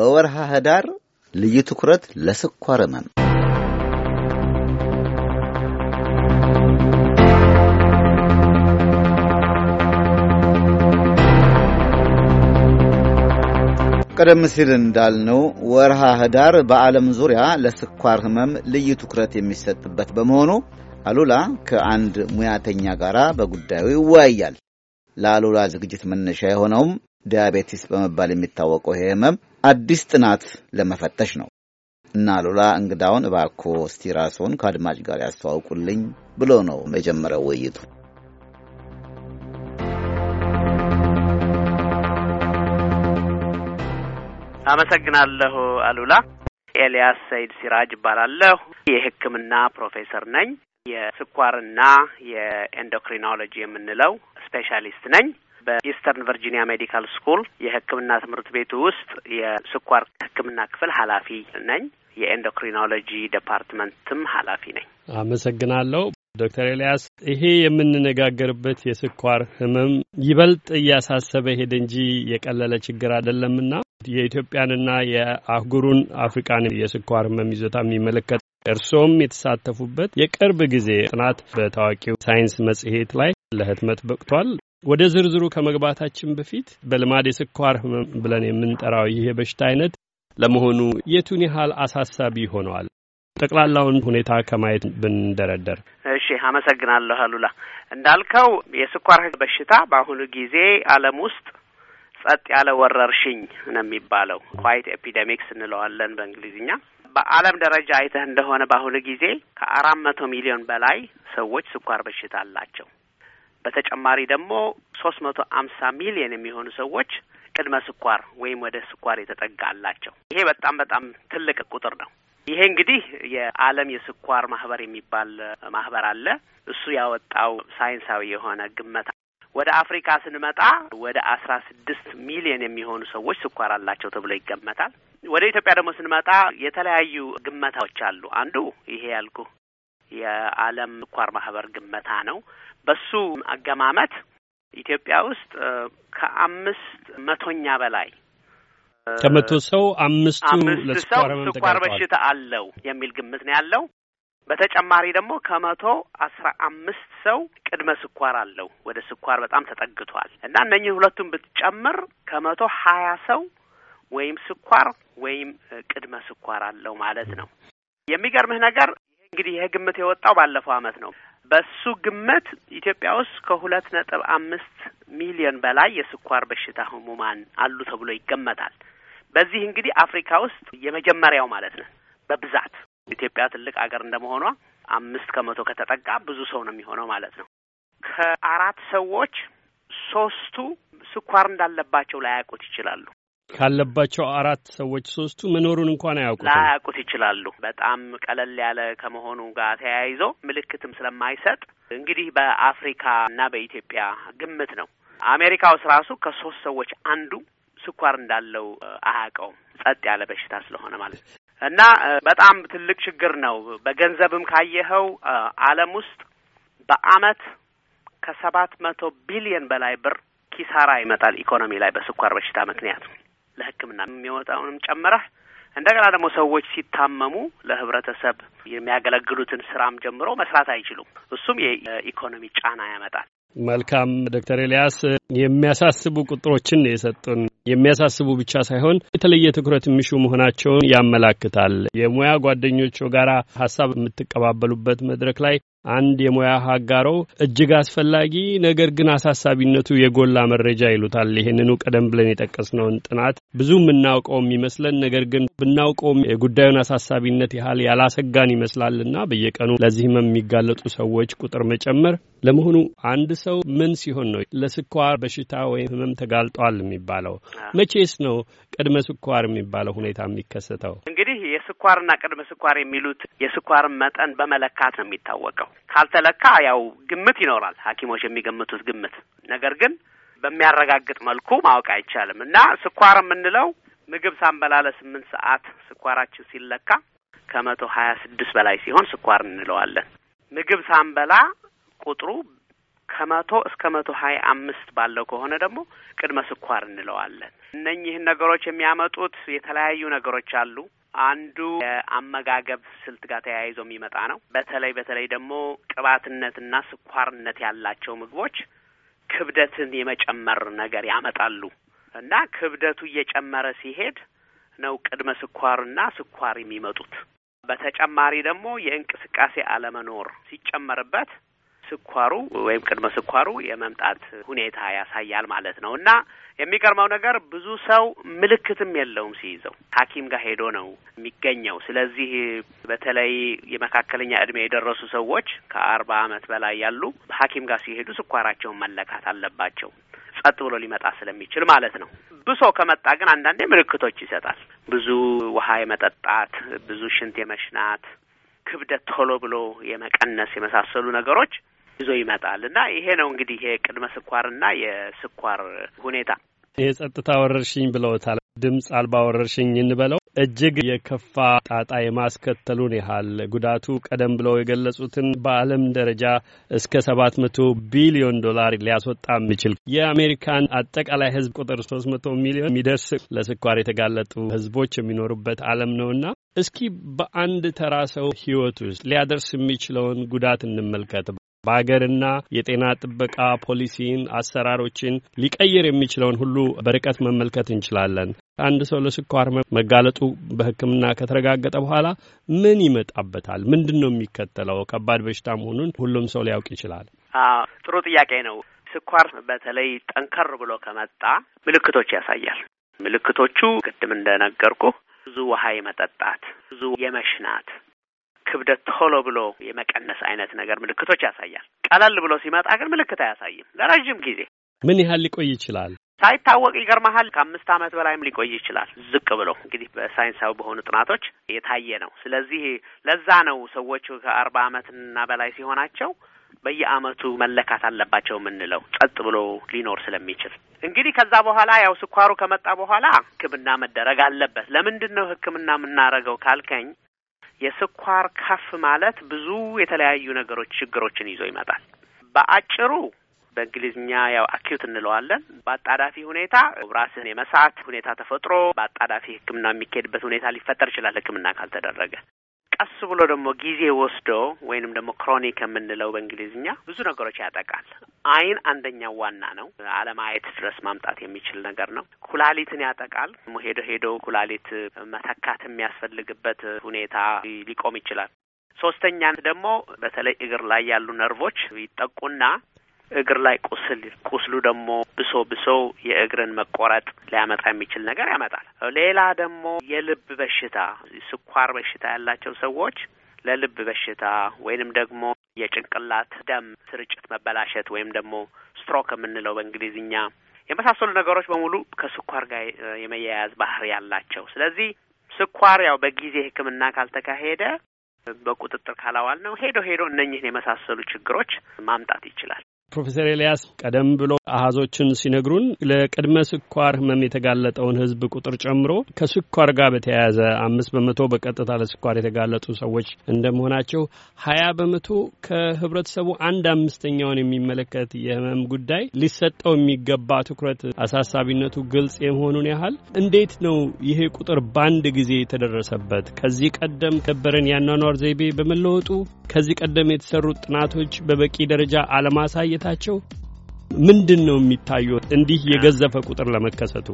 በወርሃ ህዳር ልዩ ትኩረት ለስኳር ህመም ቀደም ሲል እንዳልነው ወርሃ ህዳር በዓለም ዙሪያ ለስኳር ህመም ልዩ ትኩረት የሚሰጥበት በመሆኑ አሉላ ከአንድ ሙያተኛ ጋር በጉዳዩ ይወያያል። ለአሉላ ዝግጅት መነሻ የሆነውም ዲያቤቲስ በመባል የሚታወቀው ይህ ህመም አዲስ ጥናት ለመፈተሽ ነው። እና ሉላ እንግዳውን እባኮ እስቲ ራስዎን ከአድማጭ ጋር ያስተዋውቁልኝ ብሎ ነው የጀመረው ውይይቱ። አመሰግናለሁ አሉላ። ኤልያስ ሰይድ ሲራጅ እባላለሁ። የሕክምና ፕሮፌሰር ነኝ። የስኳርና የኤንዶክሪኖሎጂ የምንለው ስፔሻሊስት ነኝ። በኢስተርን ቨርጂኒያ ሜዲካል ስኩል የሕክምና ትምህርት ቤት ውስጥ የስኳር ሕክምና ክፍል ኃላፊ ነኝ። የኤንዶክሪኖሎጂ ዲፓርትመንትም ኃላፊ ነኝ። አመሰግናለሁ ዶክተር ኤልያስ። ይሄ የምንነጋገርበት የስኳር ህመም ይበልጥ እያሳሰበ ሄደ እንጂ የቀለለ ችግር አይደለምና የኢትዮጵያንና የአህጉሩን አፍሪካን የስኳር ህመም ይዞታ የሚመለከት እርሶም የተሳተፉበት የቅርብ ጊዜ ጥናት በታዋቂው ሳይንስ መጽሔት ላይ ለህትመት በቅቷል። ወደ ዝርዝሩ ከመግባታችን በፊት በልማድ የስኳር ህመም ብለን የምንጠራው ይህ የበሽታ አይነት ለመሆኑ የቱን ያህል አሳሳቢ ሆነዋል? ጠቅላላውን ሁኔታ ከማየት ብንደረደር። እሺ፣ አመሰግናለሁ አሉላ። እንዳልከው የስኳር በሽታ በአሁኑ ጊዜ ዓለም ውስጥ ጸጥ ያለ ወረርሽኝ ነው የሚባለው። ኳይት ኤፒደሚክስ እንለዋለን በእንግሊዝኛ። በዓለም ደረጃ አይተህ እንደሆነ በአሁኑ ጊዜ ከአራት መቶ ሚሊዮን በላይ ሰዎች ስኳር በሽታ አላቸው። በተጨማሪ ደግሞ ሶስት መቶ አምሳ ሚሊየን የሚሆኑ ሰዎች ቅድመ ስኳር ወይም ወደ ስኳር የተጠጋ አላቸው። ይሄ በጣም በጣም ትልቅ ቁጥር ነው። ይሄ እንግዲህ የዓለም የስኳር ማህበር የሚባል ማህበር አለ። እሱ ያወጣው ሳይንሳዊ የሆነ ግመታ ወደ አፍሪካ ስንመጣ ወደ አስራ ስድስት ሚሊዮን የሚሆኑ ሰዎች ስኳር አላቸው ተብሎ ይገመታል። ወደ ኢትዮጵያ ደግሞ ስንመጣ የተለያዩ ግመታዎች አሉ። አንዱ ይሄ ያልኩ የዓለም ስኳር ማህበር ግመታ ነው። በሱ አገማመት ኢትዮጵያ ውስጥ ከአምስት መቶኛ በላይ ከመቶ ሰው አምስቱ ሰው ስኳር በሽታ አለው የሚል ግምት ነው ያለው። በተጨማሪ ደግሞ ከመቶ አስራ አምስት ሰው ቅድመ ስኳር አለው ወደ ስኳር በጣም ተጠግቷል እና እነኚህ ሁለቱን ብትጨምር ከመቶ ሀያ ሰው ወይም ስኳር ወይም ቅድመ ስኳር አለው ማለት ነው። የሚገርምህ ነገር እንግዲህ ይሄ ግምት የወጣው ባለፈው አመት ነው። በሱ ግምት ኢትዮጵያ ውስጥ ከሁለት ነጥብ አምስት ሚሊዮን በላይ የስኳር በሽታ ህሙማን አሉ ተብሎ ይገመታል። በዚህ እንግዲህ አፍሪካ ውስጥ የመጀመሪያው ማለት ነው በብዛት ኢትዮጵያ ትልቅ አገር እንደመሆኗ አምስት ከመቶ ከተጠቃ ብዙ ሰው ነው የሚሆነው ማለት ነው። ከአራት ሰዎች ሶስቱ ስኳር እንዳለባቸው ላያውቁት ይችላሉ። ካለባቸው አራት ሰዎች ሶስቱ መኖሩን እንኳን አያውቁ ላያውቁት ይችላሉ። በጣም ቀለል ያለ ከመሆኑ ጋር ተያይዞ ምልክትም ስለማይሰጥ እንግዲህ በአፍሪካ እና በኢትዮጵያ ግምት ነው። አሜሪካ ውስጥ ራሱ ከሶስት ሰዎች አንዱ ስኳር እንዳለው አያውቀውም። ጸጥ ያለ በሽታ ስለሆነ ማለት ነው። እና በጣም ትልቅ ችግር ነው። በገንዘብም ካየኸው ዓለም ውስጥ በአመት ከሰባት መቶ ቢሊየን በላይ ብር ኪሳራ ይመጣል ኢኮኖሚ ላይ በስኳር በሽታ ምክንያት ለሕክምና የሚወጣውንም ጨምረህ እንደገና ደግሞ ሰዎች ሲታመሙ ለህብረተሰብ የሚያገለግሉትን ስራም ጀምሮ መስራት አይችሉም። እሱም የኢኮኖሚ ጫና ያመጣል። መልካም ዶክተር ኤልያስ የሚያሳስቡ ቁጥሮችን ነው የሰጡን። የሚያሳስቡ ብቻ ሳይሆን የተለየ ትኩረት የሚሹ መሆናቸውን ያመላክታል። የሙያ ጓደኞቹ ጋር ሀሳብ የምትቀባበሉበት መድረክ ላይ አንድ የሙያ አጋሮ እጅግ አስፈላጊ ነገር ግን አሳሳቢነቱ የጎላ መረጃ ይሉታል። ይህንኑ ቀደም ብለን የጠቀስነውን ጥናት ብዙ የምናውቀው የሚመስለን ነገር ግን ብናውቀውም የጉዳዩን አሳሳቢነት ያህል ያላሰጋን ይመስላልና በየቀኑ ለዚህም የሚጋለጡ ሰዎች ቁጥር መጨመር ለመሆኑ አንድ ሰው ምን ሲሆን ነው ለስኳር በሽታ ወይም ህመም ተጋልጧል የሚባለው? መቼስ ነው ቅድመ ስኳር የሚባለው ሁኔታ የሚከሰተው? እንግዲህ የስኳርና ቅድመ ስኳር የሚሉት የስኳርን መጠን በመለካት ነው የሚታወቀው። ካልተለካ ያው ግምት ይኖራል፣ ሐኪሞች የሚገምቱት ግምት። ነገር ግን በሚያረጋግጥ መልኩ ማወቅ አይቻልም እና ስኳር የምንለው ምግብ ሳንበላ ለስምንት ሰዓት ስኳራችን ሲለካ ከመቶ ሀያ ስድስት በላይ ሲሆን ስኳር እንለዋለን። ምግብ ሳንበላ ቁጥሩ ከመቶ እስከ መቶ ሀያ አምስት ባለው ከሆነ ደግሞ ቅድመ ስኳር እንለዋለን። እነኚህን ነገሮች የሚያመጡት የተለያዩ ነገሮች አሉ። አንዱ የአመጋገብ ስልት ጋር ተያይዞ የሚመጣ ነው። በተለይ በተለይ ደግሞ ቅባትነትና ስኳርነት ያላቸው ምግቦች ክብደትን የመጨመር ነገር ያመጣሉ እና ክብደቱ እየጨመረ ሲሄድ ነው ቅድመ ስኳርና ስኳር የሚመጡት። በተጨማሪ ደግሞ የእንቅስቃሴ አለመኖር ሲጨመርበት ስኳሩ ወይም ቅድመ ስኳሩ የመምጣት ሁኔታ ያሳያል ማለት ነው እና የሚገርመው ነገር ብዙ ሰው ምልክትም የለውም ሲይዘው ሐኪም ጋር ሄዶ ነው የሚገኘው። ስለዚህ በተለይ የመካከለኛ እድሜ የደረሱ ሰዎች ከአርባ አመት በላይ ያሉ ሐኪም ጋር ሲሄዱ ስኳራቸውን መለካት አለባቸው። ጸጥ ብሎ ሊመጣ ስለሚችል ማለት ነው። ብሶ ከመጣ ግን አንዳንዴ ምልክቶች ይሰጣል። ብዙ ውሃ የመጠጣት፣ ብዙ ሽንት የመሽናት፣ ክብደት ቶሎ ብሎ የመቀነስ የመሳሰሉ ነገሮች ይዞ ይመጣል እና ይሄ ነው እንግዲህ የቅድመ ስኳርና የስኳር ሁኔታ የጸጥታ ወረርሽኝ ብለውታል። ድምፅ አልባ ወረርሽኝ እንበለው እጅግ የከፋ ጣጣ የማስከተሉን ያህል ጉዳቱ ቀደም ብለው የገለጹትን በዓለም ደረጃ እስከ ሰባት መቶ ቢሊዮን ዶላር ሊያስወጣ የሚችል የአሜሪካን አጠቃላይ ሕዝብ ቁጥር ሶስት መቶ ሚሊዮን የሚደርስ ለስኳር የተጋለጡ ሕዝቦች የሚኖሩበት ዓለም ነውና እስኪ በአንድ ተራ ሰው ሕይወት ውስጥ ሊያደርስ የሚችለውን ጉዳት እንመልከት። በሀገርና የጤና ጥበቃ ፖሊሲን፣ አሰራሮችን ሊቀይር የሚችለውን ሁሉ በርቀት መመልከት እንችላለን። አንድ ሰው ለስኳር መጋለጡ በሕክምና ከተረጋገጠ በኋላ ምን ይመጣበታል? ምንድን ነው የሚከተለው? ከባድ በሽታ መሆኑን ሁሉም ሰው ሊያውቅ ይችላል። ጥሩ ጥያቄ ነው። ስኳር በተለይ ጠንከር ብሎ ከመጣ ምልክቶች ያሳያል። ምልክቶቹ ቅድም እንደነገርኩ ብዙ ውሃ የመጠጣት፣ ብዙ የመሽናት ክብደት ቶሎ ብሎ የመቀነስ አይነት ነገር ምልክቶች ያሳያል። ቀለል ብሎ ሲመጣ ግን ምልክት አያሳይም ለረዥም ጊዜ። ምን ያህል ሊቆይ ይችላል? ሳይታወቅ ይገርመሃል፣ ከአምስት ዓመት በላይም ሊቆይ ይችላል። ዝቅ ብሎ እንግዲህ በሳይንሳዊ በሆኑ ጥናቶች የታየ ነው። ስለዚህ ለዛ ነው ሰዎቹ ከአርባ ዓመትና በላይ ሲሆናቸው በየአመቱ መለካት አለባቸው የምንለው ጸጥ ብሎ ሊኖር ስለሚችል እንግዲህ ከዛ በኋላ ያው ስኳሩ ከመጣ በኋላ ሕክምና መደረግ አለበት። ለምንድን ነው ሕክምና የምናደርገው ካልከኝ የስኳር ከፍ ማለት ብዙ የተለያዩ ነገሮች ችግሮችን ይዞ ይመጣል። በአጭሩ በእንግሊዝኛ ያው አኪዩት እንለዋለን። በአጣዳፊ ሁኔታ ራስን የመሳት ሁኔታ ተፈጥሮ በአጣዳፊ ሕክምና የሚካሄድበት ሁኔታ ሊፈጠር ይችላል። ሕክምና ካልተደረገ ቀስ ብሎ ደግሞ ጊዜ ወስዶ ወይንም ደግሞ ክሮኒክ የምንለው በእንግሊዝኛ ብዙ ነገሮች ያጠቃል። አይን አንደኛው ዋና ነው። አለማየት ድረስ ማምጣት የሚችል ነገር ነው። ኩላሊትን ያጠቃል። ሄዶ ሄዶ ኩላሊት መተካት የሚያስፈልግበት ሁኔታ ሊቆም ይችላል። ሶስተኛ ደግሞ በተለይ እግር ላይ ያሉ ነርቮች ይጠቁና እግር ላይ ቁስል ቁስሉ ደግሞ ብሶ ብሶ የእግርን መቆረጥ ሊያመጣ የሚችል ነገር ያመጣል። ሌላ ደግሞ የልብ በሽታ ስኳር በሽታ ያላቸው ሰዎች ለልብ በሽታ ወይንም ደግሞ የጭንቅላት ደም ስርጭት መበላሸት ወይም ደግሞ ስትሮክ የምንለው በእንግሊዝኛ የመሳሰሉ ነገሮች በሙሉ ከስኳር ጋር የመያያዝ ባህሪ ያላቸው። ስለዚህ ስኳር ያው በጊዜ ሕክምና ካልተካሄደ በቁጥጥር ካላዋል ነው ሄዶ ሄዶ እነኝህን የመሳሰሉ ችግሮች ማምጣት ይችላል። ፕሮፌሰር ኤልያስ ቀደም ብሎ አሃዞችን ሲነግሩን ለቅድመ ስኳር ህመም የተጋለጠውን ህዝብ ቁጥር ጨምሮ ከስኳር ጋር በተያያዘ አምስት በመቶ በቀጥታ ለስኳር የተጋለጡ ሰዎች እንደመሆናቸው ሀያ በመቶ ከህብረተሰቡ አንድ አምስተኛውን የሚመለከት የህመም ጉዳይ ሊሰጠው የሚገባ ትኩረት አሳሳቢነቱ ግልጽ የመሆኑን ያህል እንዴት ነው ይሄ ቁጥር በአንድ ጊዜ የተደረሰበት? ከዚህ ቀደም ከበረን ያኗኗር ዘይቤ በመለወጡ ከዚህ ቀደም የተሰሩት ጥናቶች በበቂ ደረጃ አለማሳየት ቆይታቸው ምንድን ነው የሚታየው? እንዲህ የገዘፈ ቁጥር ለመከሰቱ